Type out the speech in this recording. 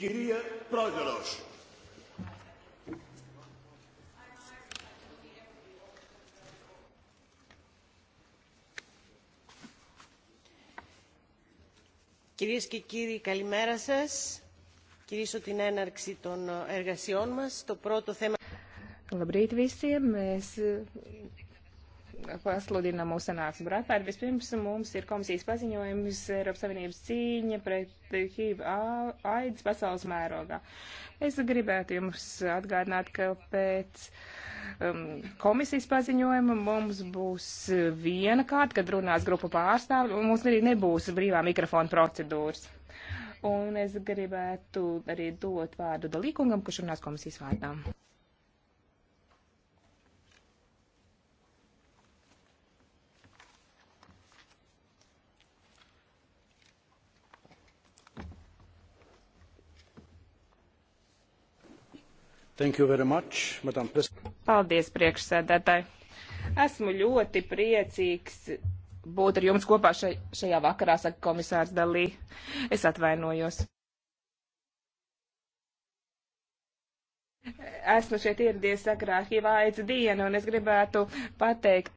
κυρία Πρόεδρος. Κυρίες και κύριοι, καλημέρα σας. Κυρίσω την έναρξη των εργασιών μας. Το πρώτο θέμα... Labrīt visiem! Mēs pasludina mūsu sanāksmu par atvērtu. Vispirms mums ir komisijas paziņojums Eiropas Savienības cīņa pret HIV aids pasaules mērogā. Es gribētu jums atgādināt, ka pēc um, komisijas paziņojuma mums būs viena kārta, kad runās grupu pārstāvju, un mums arī nebūs brīvā mikrofona procedūras. Un es gribētu arī dot vārdu Dalīkungam, kurš runās komisijas vārdā. Much, Paldies, priekšsēdētāji. Esmu ļoti priecīgs būt ar jums kopā šai, šajā vakarā, saka komisārs Dalī. Es atvainojos. Esmu šeit ieradies sakrā Hivaids dienu, un es gribētu pateikt